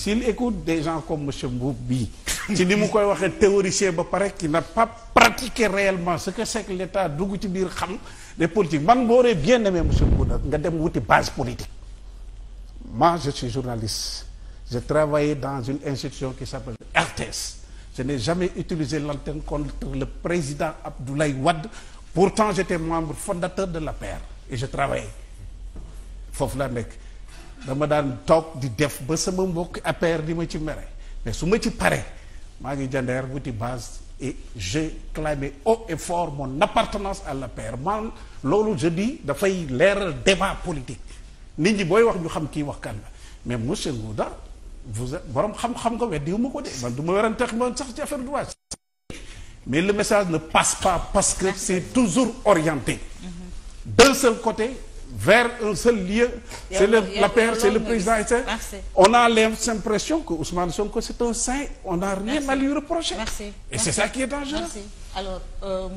s'il écoute des gens comme monsieur Mboup bii ci ni mu koy waxee théoricien ba pare qui n'a pas pratiqué réellement ce que c'est que l'État dugg ci biir xam les politiques man booree bien aimé monsieur Mboup nga dem wuti base politique moi je suis journaliste j'ai travaillé dans une institution qui s'appelle RTS je n'ai jamais utilisé l'antenne contre le président Abdoulaye Wade pourtant j'étais membre fondateur de l'APR et je travaillais nekk dama daan toog di def ba sama mbokk appaire di ma ci mere mais su ma ci pare maa ngi jandeer wuti base et j'ai clamé haut et fort mon appartenance à l'APR man loolu je dis dafay leeral débat politique nit ñi booy wax ñu xam kii wax kan la mais monsieur Ngouda vous borom xam-xam nga weddi wu ma ko de man du ma weranteex man sax ci affaire droit mais le message na passe pas parce que c'est toujours orienté d'un seul côté vers un seul lieu c'est le la paire c'est le président et on a l'impression que Ousmane Sonko c'est un saint on n'a rien à lui et c'est ça qui est dangereux alors euh,